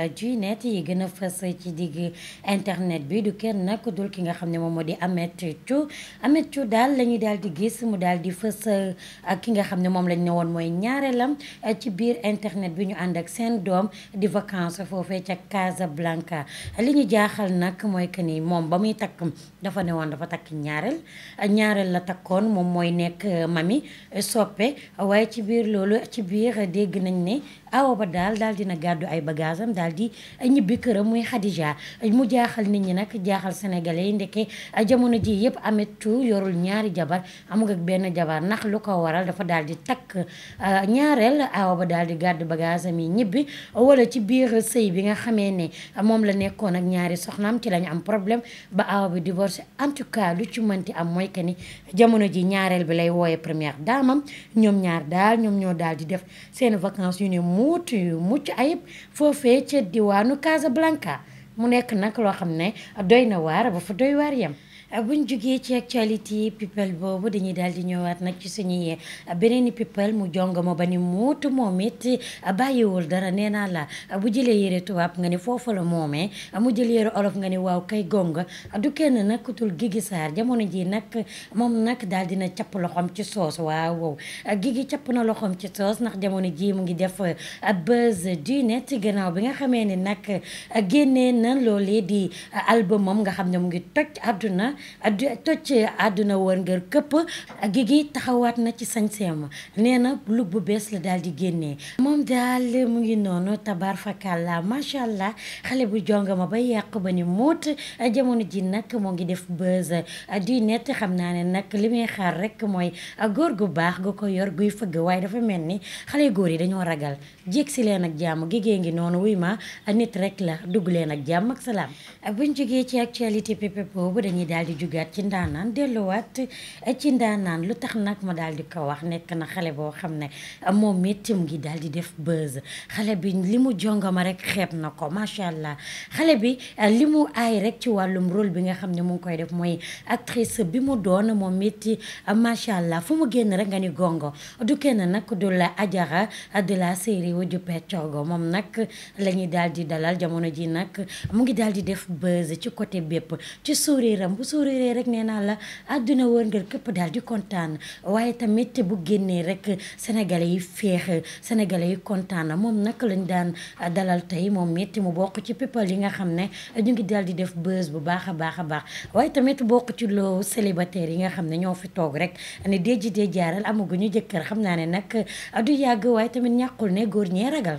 Junet yi gën a fës ci digg internet bi du kenn nag dul ki nga xam ne moom moo di Ameth Thiou Ameth Thiou daal la ñuy daal di gis mu daal di fës ak ki nga xam ne moom lañ ne woon mooy ñaareelam ci biir internet bi ñu ànd ak seen doom di vacances foofe ca Casablanca li ñu jaaxal nag mooy que ni moom ba muy takk dafa ne woon dafa takk ñaareel ñaareel la takkoon moom mooy nekk mami soppe waaye ci biir loolu ci biir dégg nañ ne awa ba daal daal dina gàddu ay bagage am daal di ñibbi këram muy Khadija mu jaaxal nit ñi nag jaaxal sénégalais yi ndeke jamono ji yëpp Ameth Thiou yorul ñaari jabar amul benn jabar ndax lu ko waral dafa daal di takk euh, ñaareel awa ba daal di gàddu bagage am yi ñibbi wala ci biir sëy bi nga xamee ne moom la nekkoon ak ñaari soxnaam ci lañu am problème ba awa bi divorce en tout cas lu ci mënti am mooy que ni jamono ji ñaareel bi lay wooye première daamam ñoom ñaar daal ñoom ñoo daal di def seen vacances yu ne wuutu yu mucc ayib foofee ca diwaanu Casablanca mu nekk nag loo xam ne doy na waar ba fa doy waar yem Ah, bu ñu jógee ci actualité people boobu dañuy daal di ñëwaat nag ci suñuy ah, beneen people mu jongama ba ni muutu moom it ah, bàyyiwul dara nee naa la bu jëlee yére tubaab nga ni foofa la moomee mu jël yére olof nga ni waaw kay gonga du kenn nag kutul Gigi jamono ji nag moom nag daal na capp loxoom ci soos waaw wow Gigi capp na loxoom ci soos ndax jamono ji mu ngi def buzz du net gannaaw bi nga xamee ni nag génnee na loolee di albumam nga xam ne mu ngi toj àdduna addu toj àdduna woon ngër këpp Guigui taxawaat na ci sañseem nee na look bu bees la daal di génnee moom daal mu ngi noonu tabaar fakàlla macha allah xale bu jongama ba yàq ba ni muut jamono ji nag moo ngi def a du nett xam naa ne nag li muy xaar rek mooy góor gu baax gu ko yor guy fëgg waaye dafa mel ni xale góor yi dañoo ragal jéeg si leen ak jàmm gi gée ngi noonu wuy ma nit rek la dugg leen ak jàmm ak salaam buñ jógee ci actualité di jugaat ci ndaanaan delluwaat eh, ci ndaanaan lu tax nag ma dal di ko wax nekk na xale boo xam ne eh, moom métti mu ngi daal di def buzz xale bi li mu jongama rek xeeb na ko macha allah xale bi eh, li mu aay rek ci wàllum rôle bi nga xam ne mu ngi koy def mooy actrice bi mu doon moom métti macha allah fu mu génn rek nga ni gongo du kenn nag du la ajara de la série Woudiou Pet moom nag la dal daal di dalal jamono ji nag mu ngi daal di def buzz ci côté bépp ci sourire sourire rek nee naa la àdduna wërngal këpp daal di kontaan waaye tamit bu génnee rek sénégalais yi féex sénégalais yi kontaan moom nag lañ daan dalal tey moom metti mu bokk ci people yi nga xam ne ñu ngi daal di def buzz bu baax a baax a baax waaye tamit bokk ci loo célibataire yi nga xam ne ñoo fi toog rek ne déji dee jaaral amaguñu jëkkër xam naa ne nag du yàgg waaye tamit ñàkkul ne góor ñee ragal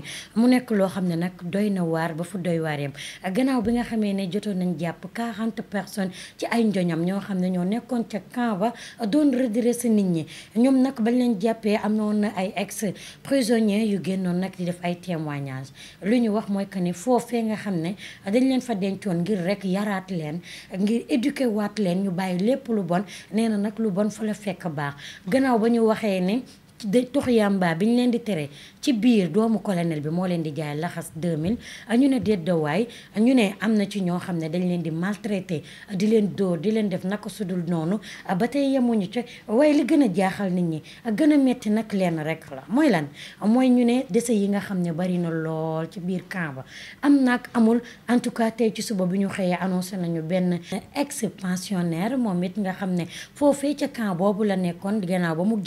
mu nekk loo xam ne nag doy na waar ba fu doy waar yam gannaaw bi nga xamee ne jotoon nañ jàpp 40 personnes ci ay njoñam ñoo xam ne ñoo nekkoon ca camp ba doon redressé nit ñi ñoom nag bañ leen jàppee am na woon ay ex prisonniers yu génnoon nag di def ay témoignages lu ñu wax mooy que ni foofee nga xam ne dañ leen fa dencoon ngir rek yaraat leen ngir éduqué waat leen ñu bàyyi lépp lu bon nee na nag lu bon fa la fekk baax gannaaw ba ñu waxee ne de tux yamba bi ñu leen di tere ci biir doomu colonel bi moo leen di jaay laxas 2000 ñu ne déet dawaay ñu ne am na ci ñoo xam ne dañ leen di maltraité di leen dóor di leen def naka sudul noonu ba tey yemuñu ci waaye li gën a jaaxal nit ñi gën a metti nag leen rek la mooy lan mooy ñu ne dese yi nga xam ne bari na lool ci biir camp ba am nag amul en tout cas tey ci suba bu ñu xëyee annoncé nañu benn ex pensionnaire moom it nga xam ne foofee ca boobu la nekkoon gannaaw ba mu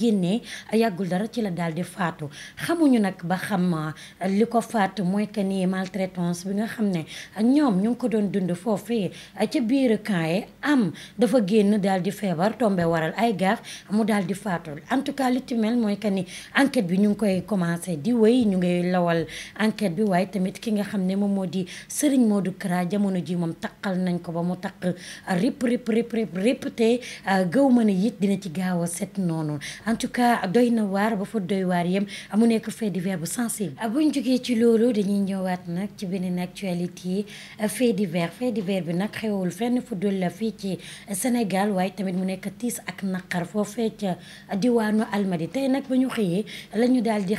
yàggul dara ci la daal di faatu xamuñu nag ba xam ah, li ko faat mooy que ni maltraitance bi nga xam ne ñoom ñu ngi ko doon dund foofee ah, ca biir camp yi am dafa génn daal di feebar tombe waral ay gaaf mu daal di faatu en cas li ci mel mooy que ni enquête bi ñu ngi koy commencé di wéy ñu ngi lawal enquête bi waaye tamit ki nga xam ne moom moo di Serigne Modou Kara jamono ji moom takkal nañ ko ba mu takk ah, rip rip rip rip te gëw mën a it dina ci gaaw a set noonu en tout cas doy na war ba fa doy waar yem fait divers bu sensible ah, bu ñu jógee ci lolu dañuy ñëwaat nak ci beneen actualité ah, fait divers fait divers bi nak xewul fenn fu la fi ci Sénégal way tamit mu nek tis ak naqar foofee ca diwaanu Almadi tey nak bañu ñu lañu la ñu di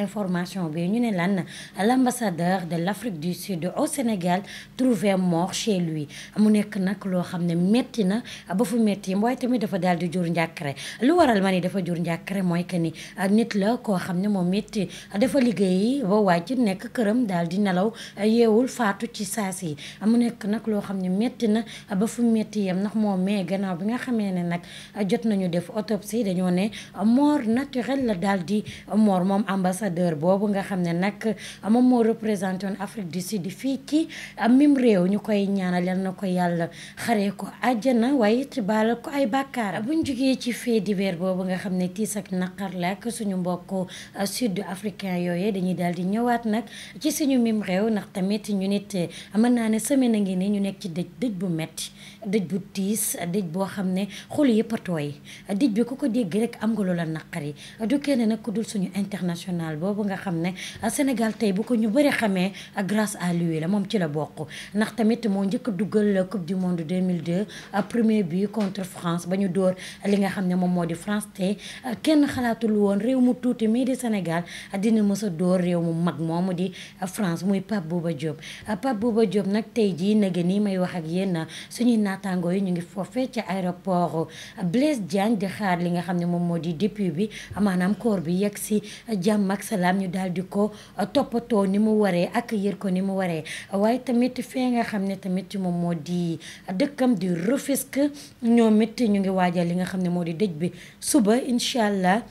information bi ñu né lan l'ambassadeur de l'Afrique du Sud au Sénégal trouvé mort chez lui mu nekk nag loo xam metti na ba fu metti way tamit dafa daldi jour jur lu waral ma dafa jour njàkkare moy que ni nit la koo xam ne moom it dafa liggéey ba wàcc nekk këram daal di nelaw yeewul faatu ci saas yi mu nekk nag loo xam ne metti na ba fu metti yem ndax moom mais gannaaw bi nga xamee ne nag jot nañu def autopsie dañoo ne mort naturelle la daal di mort moom ambassadeur boobu nga xam ne nag moom moo représenté woon Afrique du Sud fii ci mim réew ñu koy ñaanal yal na ko yàlla xaree ko àjjana waaye it baal ko ay bàkkaar buñ jugee ci fait divers boobu nga xam ne tiis ak naqar la ak suñu mbokk euh, sud africain yoyé dañuy daldi ñëwaat nak ci suñu mim réew nak tamit ñu nit euh, mën naa ne semaine ngi ni ñu nekk ci dëj dëj bu metti dëj bu tiss dëj bo xamné ne xol yëpp a tooy bi ku ko dégg rek am nga loola naqari du kenn nak ku dul suñu international bobu nga xamné euh, Sénégal tay bu ko ñu bëri xamé grâce à lui la mom ci la bokk nak tamit mo njëkk duggal dugal coupe du monde 2002 premier but contre France bañu door li nga xamné mom modi France té kenn xalaatu xalaatul woon réew mu tuuti mii di Sénégal dina mës door réew mu mag moomu di France muy Pape Bouba Diop Pape Bouba Diop nag tey jii nage nii may wax ak yéen suñuy naataangoo yi ñu ngi foofee ca aéroport Blaise Diagne di xaar li nga xam ne moom moo di depuis bi maanaam koor bi yegg si jàmm ak salaam ñu daal di ko toppatoo ni mu waree ak yër ko ni mu waree waaye tamit fee nga xam ne tamit moom moo di dëkkam di Rufisque ñoom it ñu ngi waajal li nga xam ne moo di dëj bi suba incha allah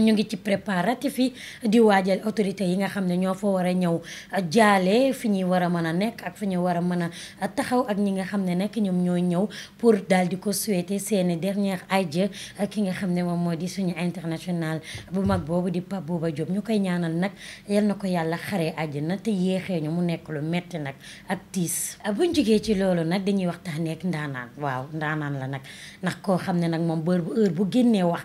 ñu ngi ci préparatif yi di waajal autorité yi nga xam ne ñoo fa war a ñëw jaale fi ñuy war a mën a nekk ak fi ñu war a mën a taxaw ak ñi nga xam ne nag ñoom ñooy ñëw pour daal di ko souhaiter seeni dernière adieu ki nga xam ne moom moo di suñu international bu mag boobu di Pape Bouba Diop ñu koy ñaanal nag yal na ko yàlla xaree àjjana te yéexee ñu mu nekk lu metti nag ak tiis buñ jógee ci loolu nag dañuy wax waxtaanee ak ndaanaan waaw ndaanaan la nag ndax koo xam ne nag moom bu génnee wax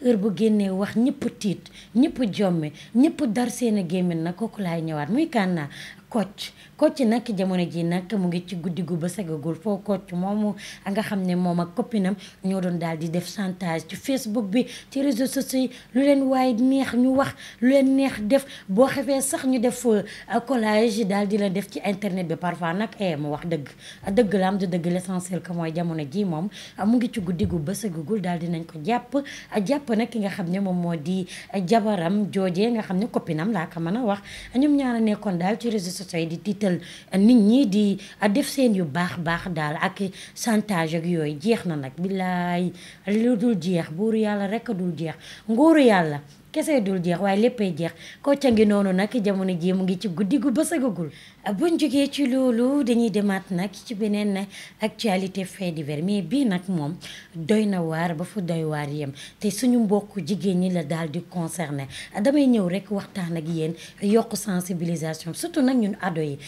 heure bu génnee wax ñëpp tiit ñëpp jommi ñëpp dar seen a gémmin na kooku laay ñëwaat muy kànnaa kocc Kocc nag jamono ji nag mu ngi ci guddi gu ba segagul foo Kocc moomu nga xam ne moom ak copinam ñoo doon daal di def chantage ci Facebook bi ci réseaux sociaux lu leen waaye neex ñu wax lu leen neex def boo xefee sax ñu def euh, collage daal di la def ci internet bi parfois nag eh, mu wax dëgg dëgg la dëgg l'essentiel que mooy jamono ji moom euh, mu ngi ci guddi gu ba segagul daal di nañ ko jàpp euh, jàpp nag ki nga xam ne moom moo di jabaram joojee nga xam ne copinam laa ko mën a wax ñoom ñaar nekkoon daal ci réseaux sociaux yi di tiital bëggal nit ñi di def seen yu baax baax daal ak chantage ak yooyu jeex na nag billaay lu dul jeex buuru yàlla rek dul jeex nguuru yàlla kese dul jeex waaye léppay jeex Kocc a ngi noonu nag jamono ji mu ngi ci guddi gu ba segagul buñ ci lolu dañuy nak ci benen actualité fait divers mais bien nak mom doyna war ba fa doy war yam té suñu mbokk jigéen la nous di concerné damay ñëw rek waxtaan sensibilisation surtout nak ñun ado yi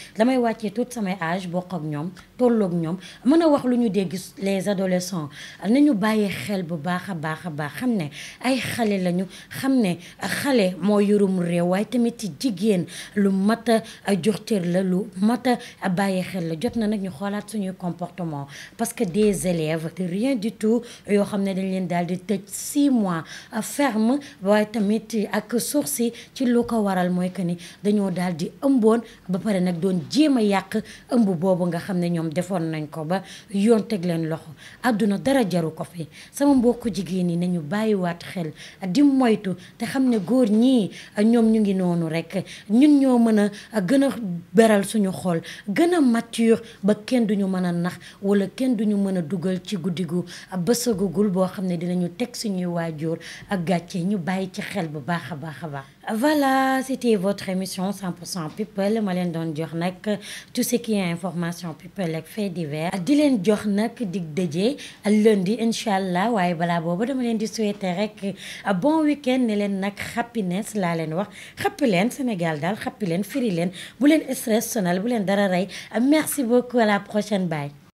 tout âge bok ak ñom ñom mëna wax les adolescents nañu bayé xel bu a baax xamné ay xalé lañu ne mo yurum tamit jigéen lu lu mat a bàyyi xel la jot na nag ñu xoolaat suñuy comportement parce que des élèves de rien du tout yoo xam ne dañ leen daal di tëj 6 mois ferme waaye tamit ak sursis ci lu ko waral mooy que ni dañoo daal di ëmboon ba pare nag doon jéem a yàq ëmb boobu nga xam ne ñoom defoon nañ ko ba yoon teg leen loxo àdduna dara jaru ko fi sama mbokku jigéen ñi nañu bàyyiwaat xel di moytu te xam ne góor ñii ñoom ñu ngi noonu rek ñun ñoo mën a gën a leeral suñu xol gën a mature ba kenn duñu mën a nax wala kenn duñu mën a dugal ci guddigu bësagugul boo xam ne dinañu teg suñuy waajur ak gàcce ñu bàyyi ci xel bu baax a baax a baax voilà c'était votre émission 100% people Je vous tout ce qui est information people et fait divers di leen jox nag dig lundi Inch'Allah, allah waaye balaa dama di bon week-end ne Nak, happiness la leen wax xappi leen Sénégal Dal, xappi leen firi stress sonal bu leen merci beaucoup à la prochaine bye.